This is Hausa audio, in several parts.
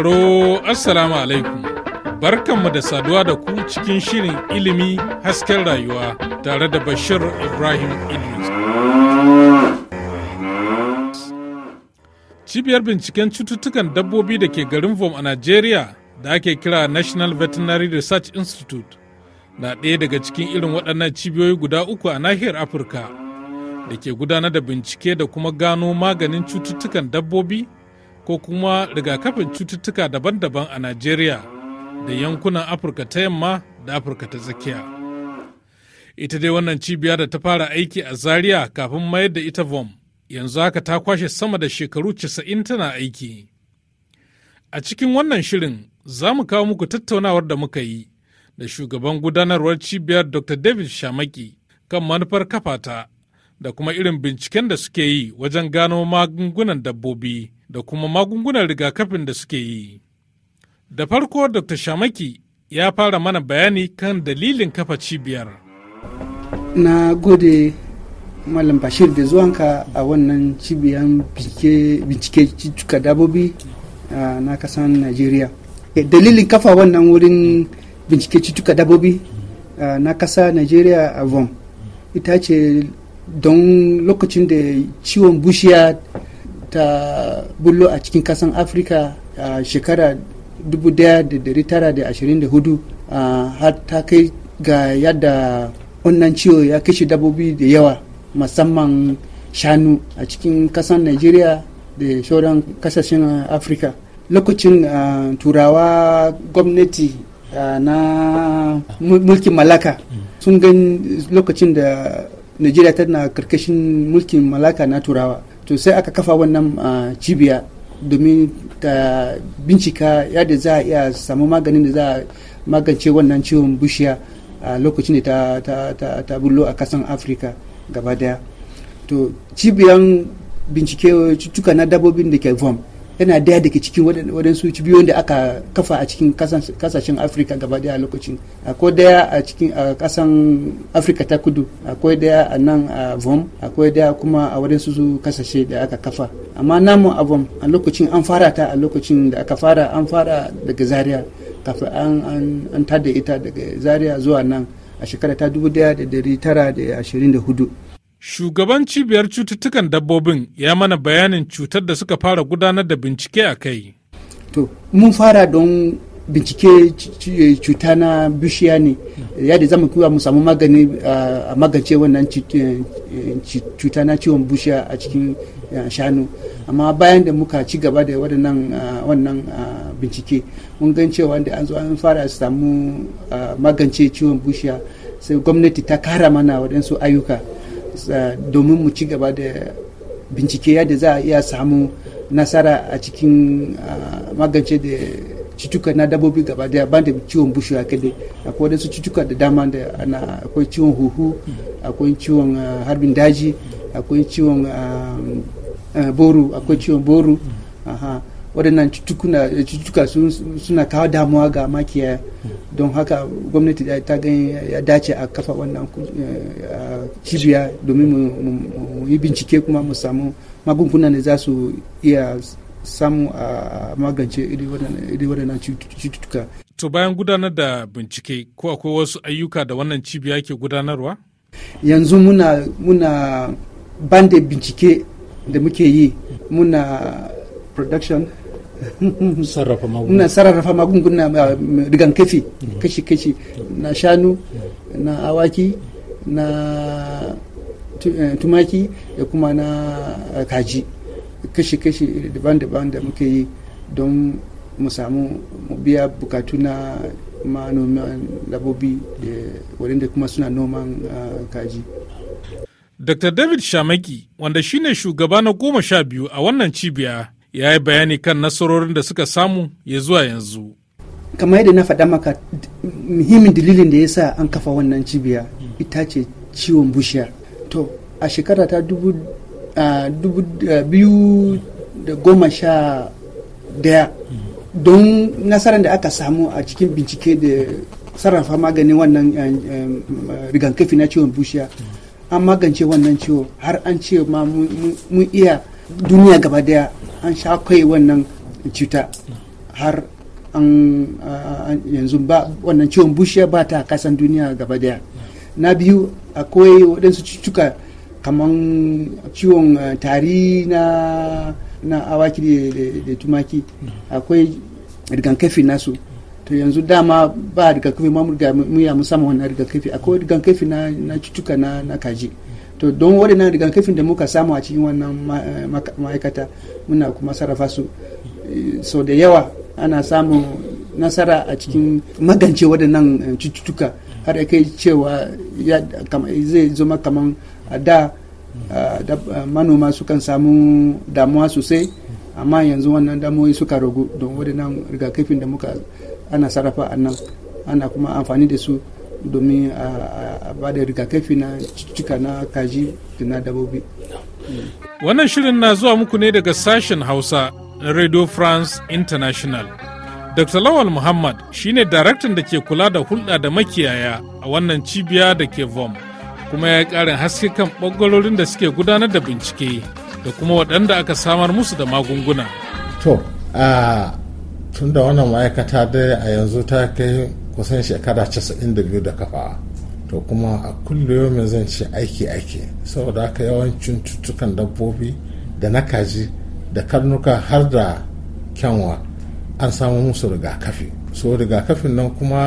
sauraro Assalamu alaikum. Barkanmu da saduwa da ku cikin shirin ilimi hasken rayuwa tare da Bashir Ibrahim Idris. Cibiyar binciken cututtukan dabbobi da ke garin Vom a nigeria da ake kira National Veterinary Research Institute na ɗaya daga cikin irin waɗannan cibiyoyi guda uku a nahiyar Afirka da ke gudanar da bincike da kuma gano maganin cututtukan dabbobi ko kuma rigakafin cututtuka daban-daban a Najeriya da yankunan Afirka ta yamma da Afirka ta tsakiya. Ita dai wannan cibiya da ta fara aiki a Zaria kafin mayar da ita VOM yanzu haka ta kwashe sama da shekaru 90 tana aiki. A cikin wannan shirin za mu kawo muku tattaunawar da muka yi da shugaban gudanarwar cibiyar Dr. David Shamaki kan manufar kafata da kuma irin binciken da suke yi wajen gano magungunan dabbobi da kuma magungunan rigakafin da suke yi. Da farko Dr. Shamaki ya fara mana bayani kan dalilin kafa cibiyar. Na gode Malam Bashir da zuwanka a wannan cibiyar bincike cutuka dabobi na kasan Najeriya. Eh, dalilin kafa wannan wurin bincike cutuka dabobi na kasa Najeriya a Vom ita ce don lokacin da ciwon bushiya ta bullo a cikin kasan afirka a shekara 1924 har ta kai ga yadda wannan ciwo ya kashe dabobi da yawa musamman shanu a cikin kasan nigeria da sauran kasashen afirka lokacin turawa gwamnati na mulkin malaka mm. sun gan lokacin da najeriya tana karkashin mulkin malaka na turawa to sai aka kafa wannan cibiya domin ta bincika yadda za a iya samu maganin da za a magance wannan ciwon bushiya a lokacin da ta, ta, ta, bullo a kasan afirka gaba daya to cibiyan bincike cutuka na dabobin da ke vom yana daya daga cikin waɗansu cibiyoyin da aka kafa a cikin kasashen afirka gaba daya lokacin akwai daya a cikin a kasan afirka ta kudu akwai daya a nan a vom akwai daya kuma a waɗansu kasashe da aka kafa amma namu a vom a lokacin an fara ta a lokacin da aka fara an fara daga zaria kafin an an tada ita daga zaria zuwa nan a shekara ta dubu daya da dari tara da ashirin da hudu Shugaban cibiyar cututtukan dabbobin ya mana bayanin cutar da suka fara gudanar da bincike a kai. To, mun fara don bincike cuta na bishiya ne, ya da zama kuwa mu samu magani a magance wannan eh, cuta na ciwon bishiya a cikin eh, shanu. Amma bayan da muka ci gaba da wannan bincike, mun gan cewa da an zo an fara samu magance ciwon bishiya sai gwamnati ta kara mana waɗansu ayyuka. domin mu ci gaba da bincike yadda za a iya samu nasara a cikin magance da cutuka na dabobi gaba daya ban da ciwon bushewa kadai akwai wadansu cutuka da dama da ana akwai ciwon huhu akwai ciwon harbin daji akwai ciwon boru akwai ciwon boru waɗannan cututtuka eh, suna kawo damuwa ga makiyaya don haka gwamnati ta gani ya dace a kafa wannan eh, cibiya domin mu yi bincike kuma mu samu magungunan da za su iya samu a magance iri waɗannan cututtuka. To bayan gudanar da bincike ko akwai wasu ayyuka da wannan cibiya ke gudanarwa? Yanzu muna muna bande bincike da muke yi muna production sarrafa sarrafa magunguna ah, rigankafi mm. kashi-kashi na shanu na awaki na eh, tumaki da kuma na kaji kashi-kashi daban-daban da muke yi don mu samu mu biya bukatu na manoman labobi wadanda kuma suna noman ah, kaji dr david shamaki wanda shine shugaba na goma sha biyu a wannan cibiya ya yi bayani kan nasarorin da suka samu ya zuwa yanzu kamar yadda na faɗa maka muhimmin dalilin da ya sa an kafa wannan cibiya ita ce ciwon bushiya to a shekara ta dubu biyu da goma sha daya don nasarar da aka samu a cikin bincike da sarrafa maganin wannan rigankafi na ciwon bushiya an magance wannan ciwo har an ce ma mun iya duniya gaba daya an sha kai wannan cuta har an yanzu ba wannan ciwon bushiya ba ta kasan duniya gaba daya na biyu akwai waɗansu cutuka kamar ciwon tari na awaki da tumaki akwai rigakafi nasu to yanzu dama ba rigakafi ma mu ya musamman wannan rigakafi akwai rigakafi na cutuka na kaji to don waɗannan rigakafin da muka samu a cikin wannan eh, ma'aikata muna kuma sarrafa su eh, sau da yawa ana samun nasara a cikin magance waɗannan eh, cututtuka har ya kai cewa zai zama kamar a da manoma sukan samu damuwa sosai amma yanzu wannan damuwa suka ragu don waɗannan rigakafin da muka ana sarrafa a nan ana kuma amfani da su domin a ba da rigakafi na cika na kaji na dabobi wannan shirin na zuwa muku ne daga sashen hausa na radio france international dr lawal muhammad shine daraktan da ke kula da hulɗa da makiyaya a wannan cibiya da ke vom kuma ya ƙarin haske kan ɓangarorin da suke gudanar da bincike da kuma waɗanda aka samar musu da magunguna to tun da wannan ma'aikata dai a yanzu ta kai kusan shekara 92 da biyu da kafa to kuma a kulliyomin zan ce aiki ake saboda aka yawancin cututtukan dabbobi da na kaji da karnuka har da kyanwa an samu musu rigakafi so rigakafin nan kuma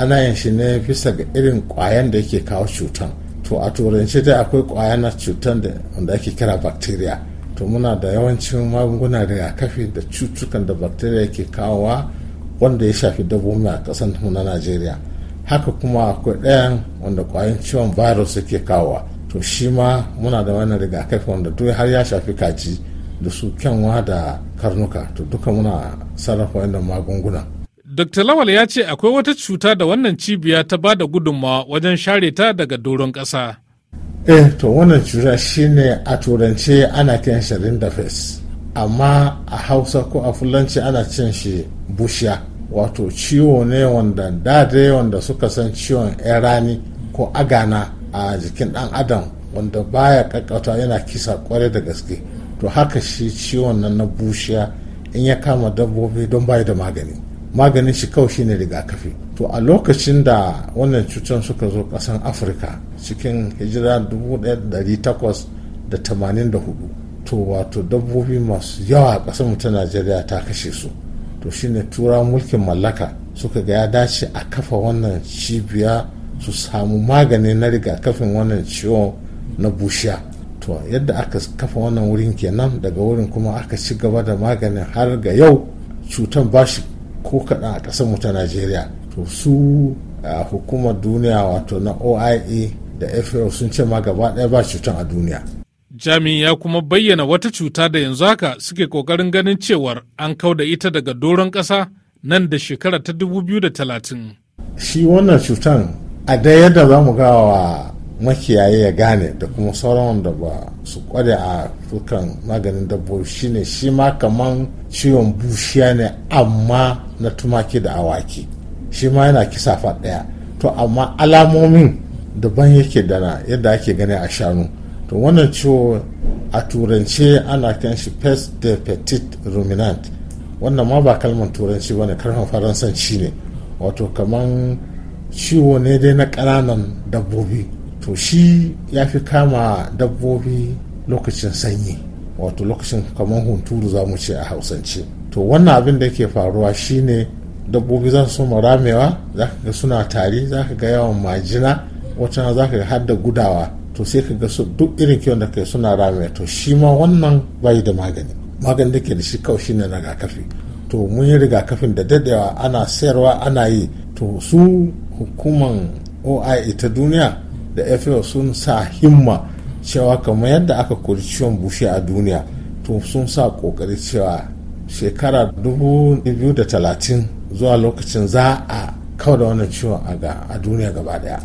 ana yin shi ne bisa ga irin kwayan da yake kawo cutan to a turance dai akwai kwaya na cutan da ake kira bacteria to muna da yawancin magunguna rigakafi da cutukan da bacteria ke kawowa wanda ya shafi dabbobi a kasan mu na najeriya haka kuma akwai ɗayan wanda kwayoyin ciwon virus suke kawowa to shi ma muna da wannan rigakafi wanda duk har ya shafi kaji da su kyanwa da karnuka to duka muna sarrafa wannan magunguna Dr. Lawal ya ce akwai wata cuta da wannan cibiya ta ba da gudunmawa wajen share ta daga doron ƙasa. eh to wannan cuta shine a turance ana kiran shi fes amma a hausa ko a fulanci ana cin shi bushiya wato ciwo ne wanda dade wanda suka san ciwon yan rani ko agana a jikin dan adam wanda baya kakkauta yana kisa kwarai da gaske to haka shi ciwon nan na bushiya in ya kama dabbobi don bayi da magani maganin shi kawai shine rigakafi to a lokacin da wannan cutar suka zo kasan afirka cikin hijira 1884 to wato dabbobi masu yawa a ƙasar ta najeriya ta kashe su to shine tura mulkin mallaka suka ga ya dace a kafa wannan cibiya su samu magani na rigakafin wannan ciwo na bushiya to yadda aka kafa wannan wurin kenan daga wurin kuma aka ci gaba da maganin har ga yau cutan bashi ko kaɗan a ƙasar mu ta najeriya to su a hukumar duniya wato na oia da fao sun ce ma gaba ɗaya ba cutan a duniya Jami ya kuma bayyana wata cuta da yanzu haka suke ƙoƙarin ganin cewar an kau da ita daga doron ƙasa nan da shekara ta 2030 shi wannan cutan a daya da yadda za mu gawa makiyaye ya gane da kuma sauran wanda ba su kware a fulkan maganin dabbobi shine shi ma kaman ciwon bushiya ne amma na tumaki da awaki shi ma yana kisa ɗaya to amma alamomin daban yake da yadda ake gani a shanu to wannan ciwo a turance ana kan shi pest de petit ruminant wannan ma ba kalmar turanci ba ne karfin faransanci ne wato kaman ciwo ne dai na ƙananan dabbobi to shi ya fi kama dabbobi lokacin sanyi wato lokacin kamar hunturu za mu ce a hausance to wannan abin da ke faruwa shine dabbobi za su soma ramewa za ka ga suna tari za ka ga yawan majina wata za ka ga har gudawa to sai ka ga duk irin kiwon da kai suna ramewa to shi ma wannan bai da magani magani da ke da shi kawai shine rigakafi to mun yi rigakafin da dadewa ana sayarwa ana yi to su hukuman oia ta duniya da fao sun sa himma cewa kamar yadda aka kori ciwon bushe a duniya to sun sa kokari cewa shekara 2030 zuwa lokacin za a kawo da wannan ciwon a duniya gaba daya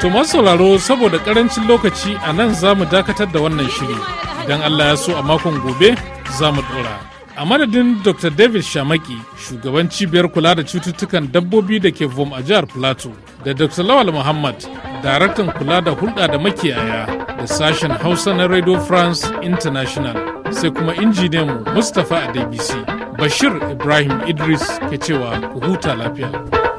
tumar sauraro saboda karancin lokaci a nan za mu dakatar da wannan shiri. Idan Allah ya so a makon gobe za mu dora. a madadin dr david shamaki shugaban cibiyar kula da cututtukan dabbobi da ke vom a jihar plateau da dr lawal muhammad daraktan kula da hulɗa da makiyaya da sashen hausa na radio france international sai kuma injiniyanmu mustapha a bashir ibrahim idris ke cewa ku huta lafiya